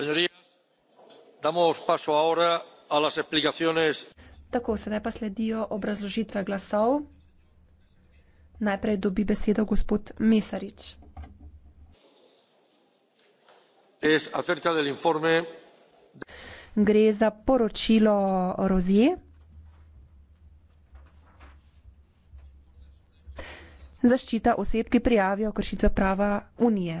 señorías damos paso ahora a las explicaciones. Tako, sedaj pa sledijo obrazložitve glasov. Najprej dobi besedo gospod Mesarič. Es acerca del informe. Gre za poročilo Rozije. Zaščita oseb, ki prijavijo kršitve prava Unije.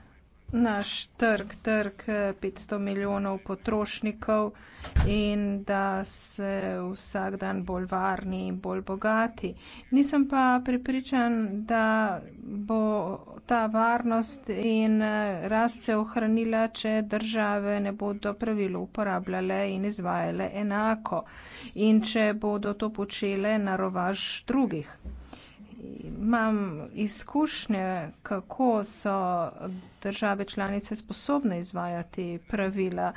naš trg, trg 500 eh, milijonov potrošnikov in da se vsak dan bolj varni in bolj bogati. Nisem pa pripričan, da bo ta varnost in eh, rast se ohranila, če države ne bodo pravilo uporabljale in izvajale enako in če bodo to počele na rovaž drugih imam izkušnje, kako so države članice sposobne izvajati pravila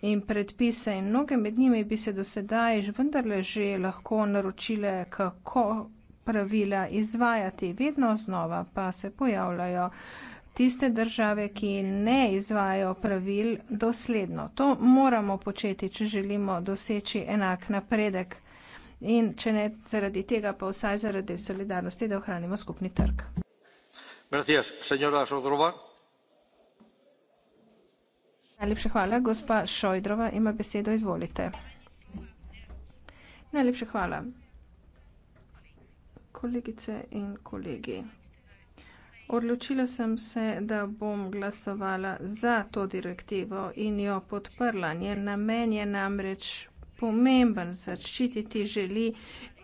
in predpise in mnoge med njimi bi se dosedaj vendarle že lahko naročile, kako pravila izvajati. Vedno znova pa se pojavljajo tiste države, ki ne izvajajo pravil dosledno. To moramo početi, če želimo doseči enak napredek in če ne zaradi tega pa vsaj zaradi solidarnosti da ohranimo skupni trg. Najlepša hvala. Gospa Šojdrova ima besedo, izvolite. Najlepša hvala. Kolegice in kolegi. Odločila sem se, da bom glasovala za to direktivo in jo podprla. Njen namen je namreč pomemben zaščititi želi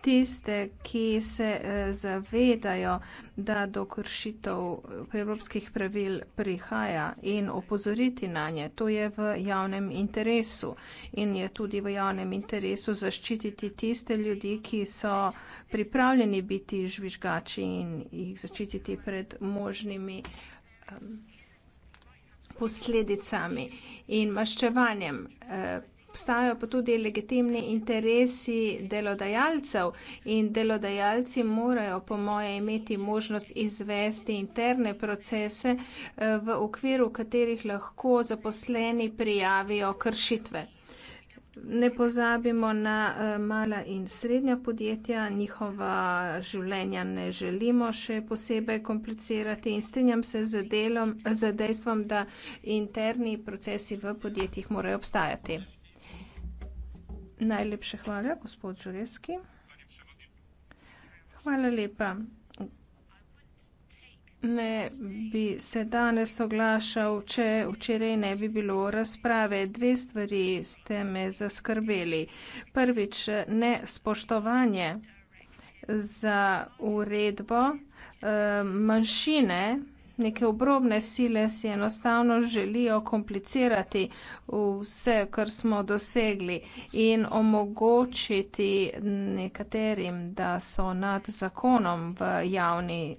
tiste, ki se eh, zavedajo, da do kršitev evropskih pravil prihaja in opozoriti na nje. To je v javnem interesu in je tudi v javnem interesu zaščititi tiste ljudi, ki so pripravljeni biti žvižgači in jih zaščititi pred možnimi eh, posledicami in maščevanjem. Eh, obstajajo pa tudi legitimni interesi delodajalcev in delodajalci morajo, po moje, imeti možnost izvesti interne procese, eh, v okviru katerih lahko zaposleni prijavijo kršitve. Ne pozabimo na eh, mala in srednja podjetja, njihova življenja ne želimo še posebej komplicirati in strinjam se z, delom, z dejstvom, da interni procesi v podjetjih morajo obstajati. Najlepša hvala, gospod Žurevski. Hvala lepa. Ne bi se danes oglašal, če včeraj ne bi bilo razprave. Dve stvari ste me zaskrbeli. Prvič, nespoštovanje za uredbo eh, manjšine neke obrobne sile si enostavno želijo komplicirati vse, kar smo dosegli in omogočiti nekaterim, da so nad zakonom v javni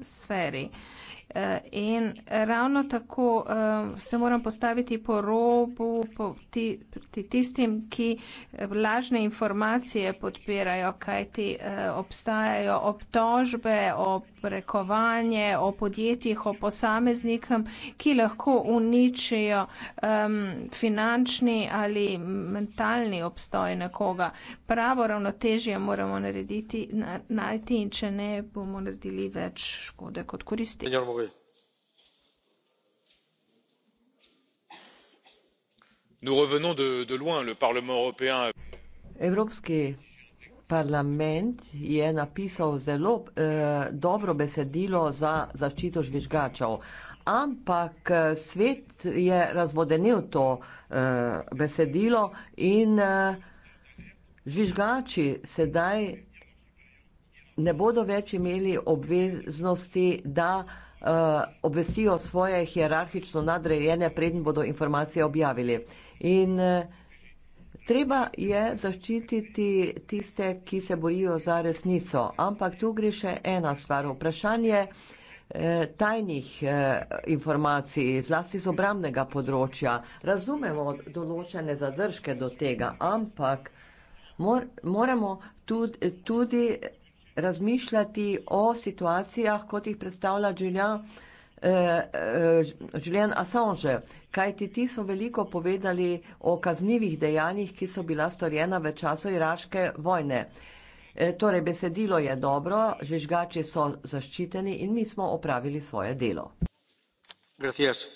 sferi. Eh, in ravno tako eh, se moram postaviti po robu, po ti, tistim, ki vlažne informacije podpirajo, kajti eh, obstajajo obtožbe o prekovanje, o podjetjih, o posameznikom, ki lahko uničijo finančni ali mentalni obstoj nekoga. Pravo ravnotežje moramo narediti, najti in če ne, bomo naredili več škode kot koristi. nous revenons de, de loin, le Parlement européen. Evropski parlament je napisal zelo uh, dobro besedilo za zaščito žvižgačev, ampak eh, svet je razvodenil to uh, besedilo in uh, žvižgači sedaj ne bodo več imeli obveznosti, da uh, Eh, obvestijo svoje hierarhično nadrejene, predn bodo informacije objavili. In eh, treba je zaščititi tiste, ki se borijo za resnico. Ampak tu gre še ena stvar. Vprašanje eh, tajnih informacij, zlasti iz obramnega področja. Razumemo določene zadržke do tega, ampak mor, moramo tudi, tudi razmišljati o situacijah, kot jih predstavlja Julian, eh, eh, Julian Assange, kajti ti so veliko povedali o kaznivih dejanjih, ki so bila storjena v času iraške vojne. Eh, torej, besedilo je dobro, žvižgači so zaščiteni in mi smo opravili svoje delo. Gracias,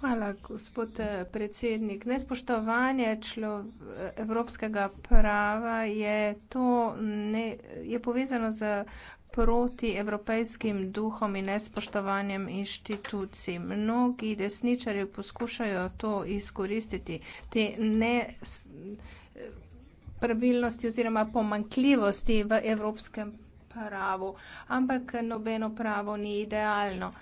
Hvala, gospod, eh, predsednik. Nespoštovanje evropskega prava je to, ne, je povezano z protievropejskim duhom in nespoštovanjem inštitucij. Mnogi desničarji poskušajo to izkoristiti, te ne pravilnosti oziroma pomanjkljivosti v evropskem pravu, ampak nobeno pravo ni idealno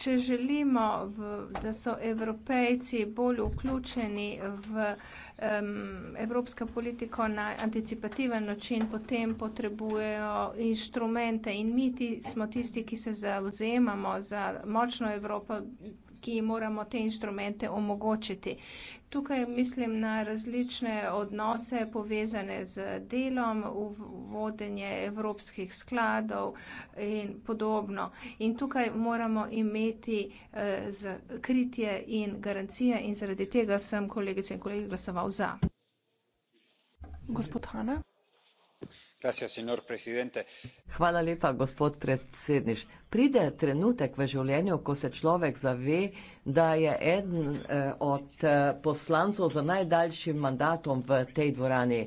če želimo, v, da so evropejci bolj vključeni v um, evropsko politiko na anticipativen način, potem potrebujejo inštrumente in mi ti, smo tisti, ki se zauzemamo za močno Evropo, ki jim moramo te instrumente omogočiti. Tukaj mislim na različne odnose povezane z delom, vodenje evropskih skladov in podobno. In tukaj moramo imeti eh, kritje in garancije in zaradi tega sem kolegice in kolegi glasoval za. Gospod Hanna. Hvala lepa, gospod predsednik. Pride trenutek v življenju, ko se človek zave, da je eden eh, od eh, poslancev z najdaljšim mandatom v tej dvorani.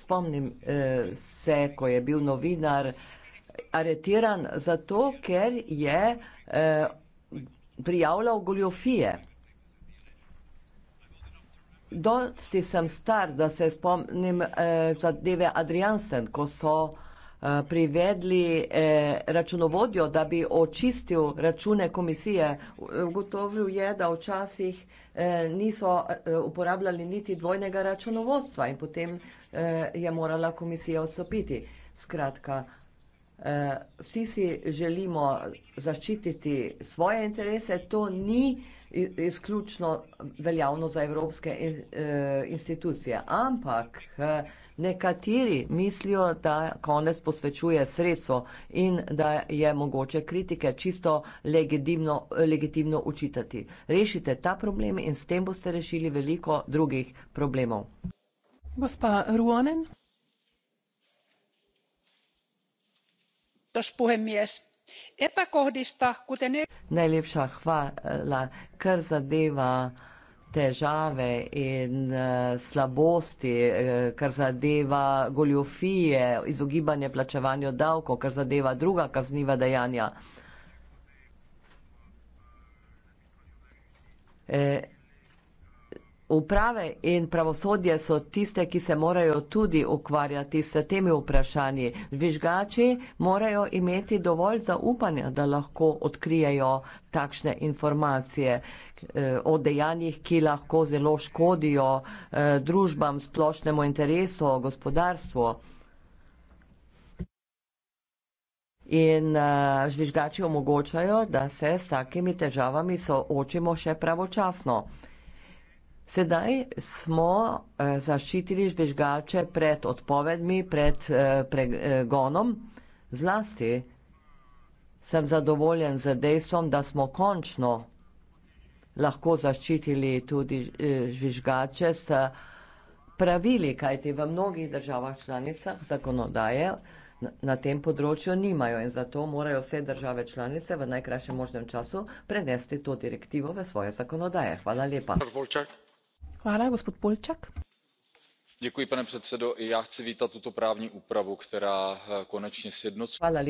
Spomnim eh, se, ko je bil novinar aretiran zato, ker je prijavljal goljofije dosti sem star, da se spomnim eh, zadeve Adriansen, ko so eh, privedli eh, računovodjo, da bi očistil račune komisije. Ugotovil je, da včasih eh, niso eh, uporabljali niti dvojnega računovodstva in potem eh, je morala komisija osopiti. Skratka, eh, vsi si želimo zaščititi svoje interese, to ni izključno veljavno za evropske e, institucije. Ampak e, nekateri mislijo, da konec posvečuje sredstvo in da je mogoče kritike čisto legitimno, legitimno učitati. Rešite ta problem in s tem boste rešili veliko drugih problemov. Gospa Ruonen. Gospod premijer. Epäkohdista, kuten... E- Najlepša hvala, kar zadeva težave in uh, slabosti, eh, kar zadeva goljofije, izogibanje plačevanju davkov, kar zadeva druga kazniva dejanja. E, Uprave in pravosodje so tiste, ki se morajo tudi ukvarjati s temi vprašanji. Žvižgači morajo imeti dovolj zaupanja, da lahko odkrijejo takšne informacije eh, o dejanjih, ki lahko zelo škodijo eh, družbam, splošnemu interesu, gospodarstvu. In eh, žvižgači omogočajo, da se s takimi težavami soočimo še pravočasno. Sedaj smo eh, zaščitili žvižgače pred odpovedmi, pred eh, pregonom. Zlasti sem zadovoljen z dejstvom, da smo končno lahko zaščitili tudi eh, žvižgače s pravili, kajti v mnogih državah članicah zakonodaje na tem področju nimajo in zato morajo vse države članice v najkrajšem možnem času prenesti to direktivo v svoje zakonodaje. Hvala lepa. Hvala lepa pane předsedající i já chci vítat tuto právní úpravu která eh, konečně sjednocuje.